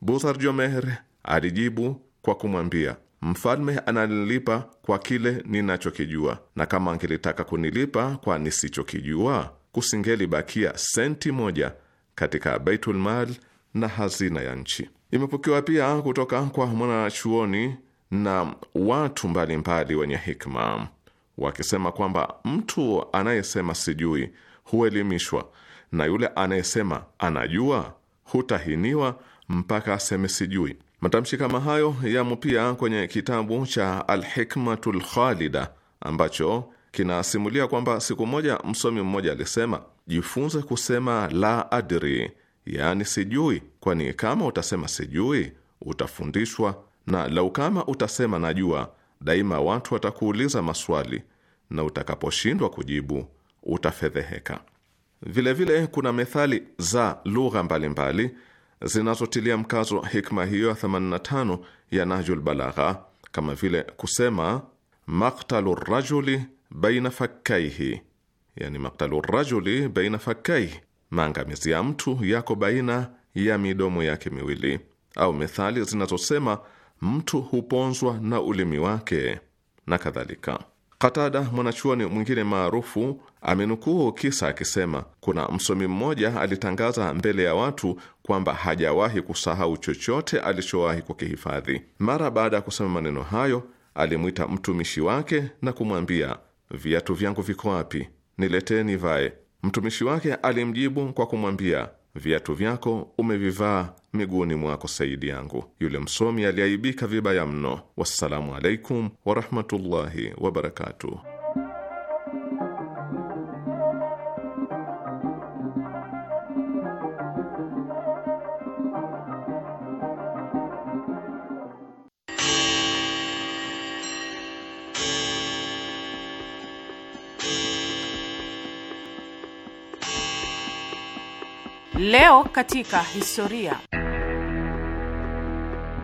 [SPEAKER 1] Buzar Jomeher alijibu kwa kumwambia Mfalme ananilipa kwa kile ninachokijua, na kama angelitaka kunilipa kwa nisichokijua, kusingelibakia senti moja katika Baitulmal na hazina ya nchi. Imepokewa pia kutoka kwa mwanachuoni na watu mbalimbali mbali wenye hikma wakisema kwamba mtu anayesema sijui huelimishwa na yule anayesema anajua hutahiniwa mpaka aseme sijui. Matamshi kama hayo yamo pia kwenye kitabu cha Alhikmatul Khalida ambacho kinasimulia kwamba siku moja msomi mmoja alisema, jifunze kusema la adri, yaani sijui, kwani kama utasema sijui utafundishwa, na lau kama utasema najua, daima watu watakuuliza maswali na utakaposhindwa kujibu utafedheheka. Vilevile vile kuna methali za lugha mbalimbali zinazotilia mkazo hikma hiyo ya 85 ya Nahjul Balagha, kama vile kusema maktalu rajuli baina fakkaihi, yani maktalu rajuli baina fakkaihi, maangamizi ya mtu yako baina ya midomo yake miwili, au methali zinazosema mtu huponzwa na ulimi wake na kadhalika. Qatada, mwanachuoni mwingine maarufu Amenukuu kisa akisema, kuna msomi mmoja alitangaza mbele ya watu kwamba hajawahi kusahau chochote alichowahi kukihifadhi. Mara baada ya kusema maneno hayo, alimwita mtumishi wake na kumwambia, viatu vyangu viko wapi? Niletee nivae. Mtumishi wake alimjibu kwa kumwambia, viatu vyako umevivaa miguuni mwako, saidi yangu. Yule msomi aliaibika vibaya mno. Wassalamu alaikum warahmatullahi wabarakatuh.
[SPEAKER 2] Leo katika
[SPEAKER 5] historia.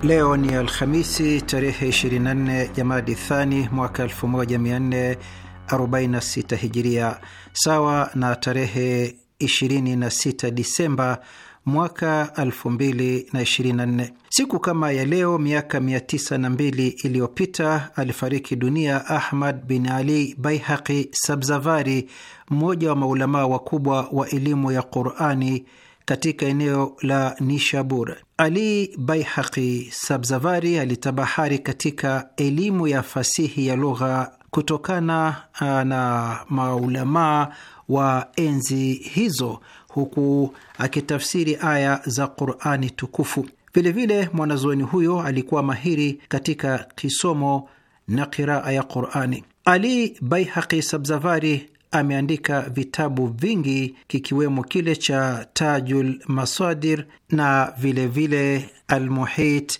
[SPEAKER 3] Leo ni Alhamisi tarehe 24 Jamadi Thani mwaka 1446 Hijiria, sawa na tarehe 26 Disemba mwaka 2024. Siku kama ya leo miaka 902 iliyopita alifariki dunia Ahmad bin Ali Baihaqi Sabzavari, mmoja wa maulamaa wakubwa wa elimu ya Qurani katika eneo la Nishabur. Ali Baihaqi Sabzavari alitabahari katika elimu ya fasihi ya lugha kutokana uh, na maulamaa wa enzi hizo huku akitafsiri aya za Qurani tukufu. Vilevile mwanazuoni huyo alikuwa mahiri katika kisomo na qiraa ya Qurani. Ali Baihaqi Sabzavari ameandika vitabu vingi kikiwemo kile cha Tajul Masadir na vilevile Almuhit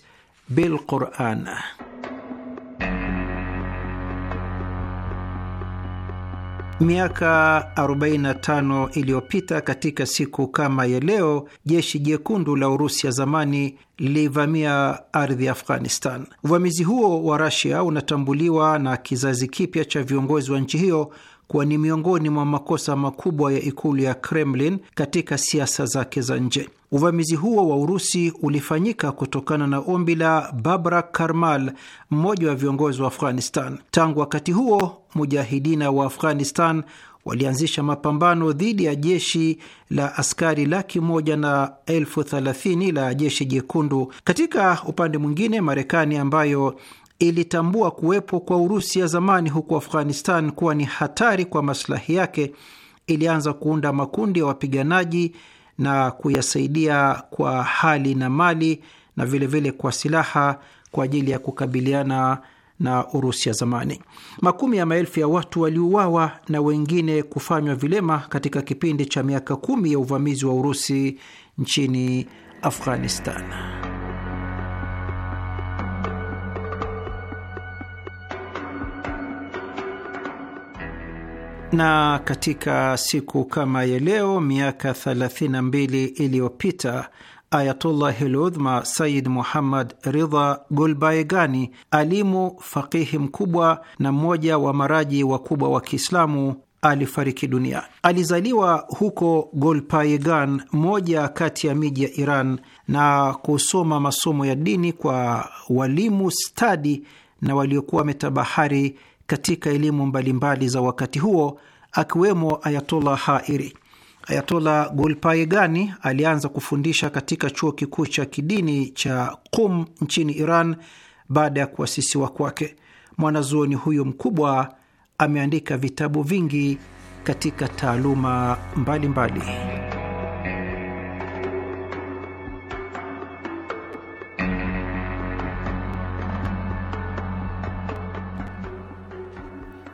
[SPEAKER 3] Bilquran. Miaka 45 iliyopita katika siku kama ya leo, jeshi jekundu la Urusi ya zamani lilivamia ardhi ya Afghanistan. Uvamizi huo wa Rasia unatambuliwa na kizazi kipya cha viongozi wa nchi hiyo kuwa ni miongoni mwa makosa makubwa ya ikulu ya Kremlin katika siasa zake za nje. Uvamizi huo wa Urusi ulifanyika kutokana na ombi la Babra Karmal, mmoja wa viongozi wa Afghanistan. Tangu wakati huo, mujahidina wa Afghanistan walianzisha mapambano dhidi ya jeshi la askari laki moja na elfu thelathini la jeshi jekundu. Katika upande mwingine, Marekani ambayo ilitambua kuwepo kwa Urusi ya zamani huko Afghanistan kuwa ni hatari kwa maslahi yake, ilianza kuunda makundi ya wapiganaji na kuyasaidia kwa hali na mali na vilevile vile kwa silaha kwa ajili ya kukabiliana na Urusi ya zamani. Makumi ya maelfu ya watu waliuawa na wengine kufanywa vilema katika kipindi cha miaka kumi ya uvamizi wa Urusi nchini Afghanistan. Na katika siku kama ya leo miaka 32 iliyopita Ayatullah Ludhma Sayid Muhammad Ridha Golbaegani, alimu faqihi mkubwa na mmoja wa maraji wakubwa wa Kiislamu alifariki dunia. Alizaliwa huko golpaegan moja kati ya miji ya Iran, na kusoma masomo ya dini kwa walimu stadi na waliokuwa wametabahari katika elimu mbalimbali za wakati huo akiwemo Ayatollah Hairi. Ayatollah Golpayegani alianza kufundisha katika chuo kikuu cha kidini cha Qum nchini Iran baada ya kuasisiwa kwake. Mwanazuoni huyo mkubwa ameandika vitabu vingi katika taaluma mbalimbali mbali.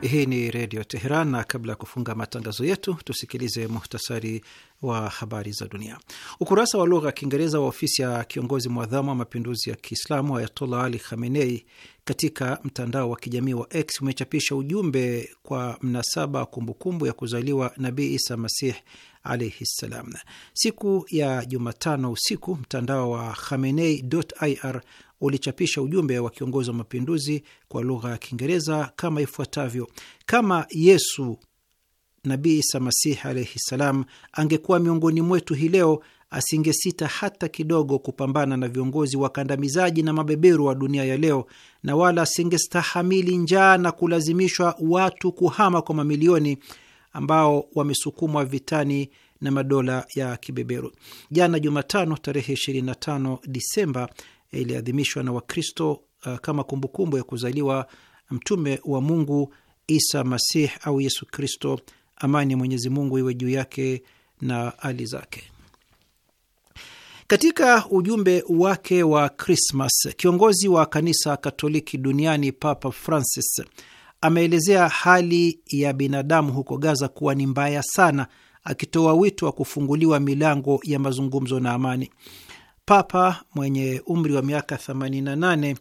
[SPEAKER 3] Hii ni Redio Teheran, na kabla ya kufunga matangazo yetu tusikilize muhtasari wa habari za dunia. Ukurasa wa lugha ya Kiingereza wa ofisi ya kiongozi mwadhamu wa mapinduzi ya Kiislamu Ayatollah Ali Khamenei katika mtandao wa kijamii wa X umechapisha ujumbe kwa mnasaba kumbukumbu ya kuzaliwa Nabii Isa Masih alaihi ssalam. Siku ya Jumatano usiku mtandao wa Khamenei.ir ulichapisha ujumbe wa kiongozi wa mapinduzi kwa lugha ya Kiingereza kama ifuatavyo: kama Yesu Nabii Isa Masihi alaihi ssalam angekuwa miongoni mwetu hii leo, asingesita hata kidogo kupambana na viongozi wakandamizaji na mabeberu wa dunia ya leo, na wala asingestahamili njaa na kulazimishwa watu kuhama kwa mamilioni ambao wamesukumwa vitani na madola ya kibeberu. Jana Jumatano, tarehe 25 Disemba, iliadhimishwa na Wakristo uh, kama kumbukumbu ya kuzaliwa mtume wa Mungu Isa Masih au Yesu Kristo, amani ya Mwenyezi Mungu iwe juu yake na ali zake. Katika ujumbe wake wa Krismas, kiongozi wa kanisa Katoliki duniani Papa Francis ameelezea hali ya binadamu huko Gaza kuwa ni mbaya sana, akitoa wito wa kufunguliwa milango ya mazungumzo na amani. Papa mwenye umri wa miaka 88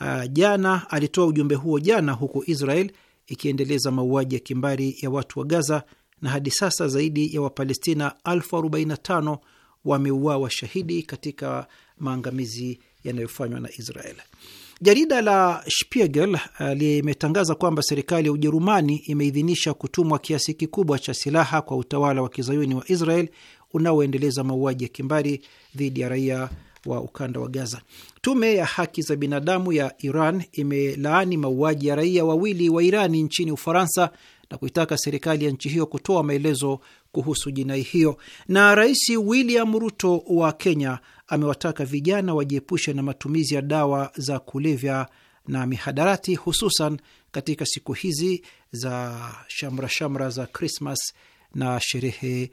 [SPEAKER 3] uh, jana alitoa ujumbe huo jana, huku Israel ikiendeleza mauaji ya kimbari ya watu wa Gaza na hadi sasa zaidi ya Wapalestina 45 wameuawa shahidi katika maangamizi yanayofanywa na Israel. Jarida la Spiegel uh, limetangaza kwamba serikali ya Ujerumani imeidhinisha kutumwa kiasi kikubwa cha silaha kwa utawala wa kizayuni wa Israel unaoendeleza mauaji ya kimbari dhidi ya raia wa ukanda wa Gaza. Tume ya haki za binadamu ya Iran imelaani mauaji ya raia wawili wa Irani nchini Ufaransa na kuitaka serikali ya nchi hiyo kutoa maelezo kuhusu jinai hiyo. Na Rais William Ruto wa Kenya amewataka vijana wajiepushe na matumizi ya dawa za kulevya na mihadarati, hususan katika siku hizi za shamra shamra za Krismas na sherehe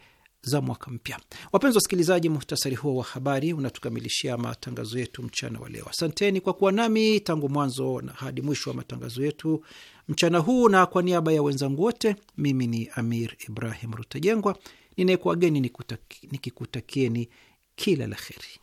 [SPEAKER 3] za mwaka mpya. Wapenzi wasikilizaji, muhtasari huo wa habari unatukamilishia matangazo yetu mchana wa leo. Asanteni kwa kuwa nami tangu mwanzo na hadi mwisho wa matangazo yetu mchana huu, na kwa niaba ya wenzangu wote, mimi ni Amir Ibrahim Rutajengwa ninayekuwageni nikikutakieni kila la heri.